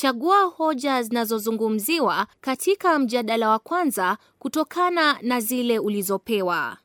Chagua hoja zinazozungumziwa katika mjadala wa kwanza kutokana na zile ulizopewa.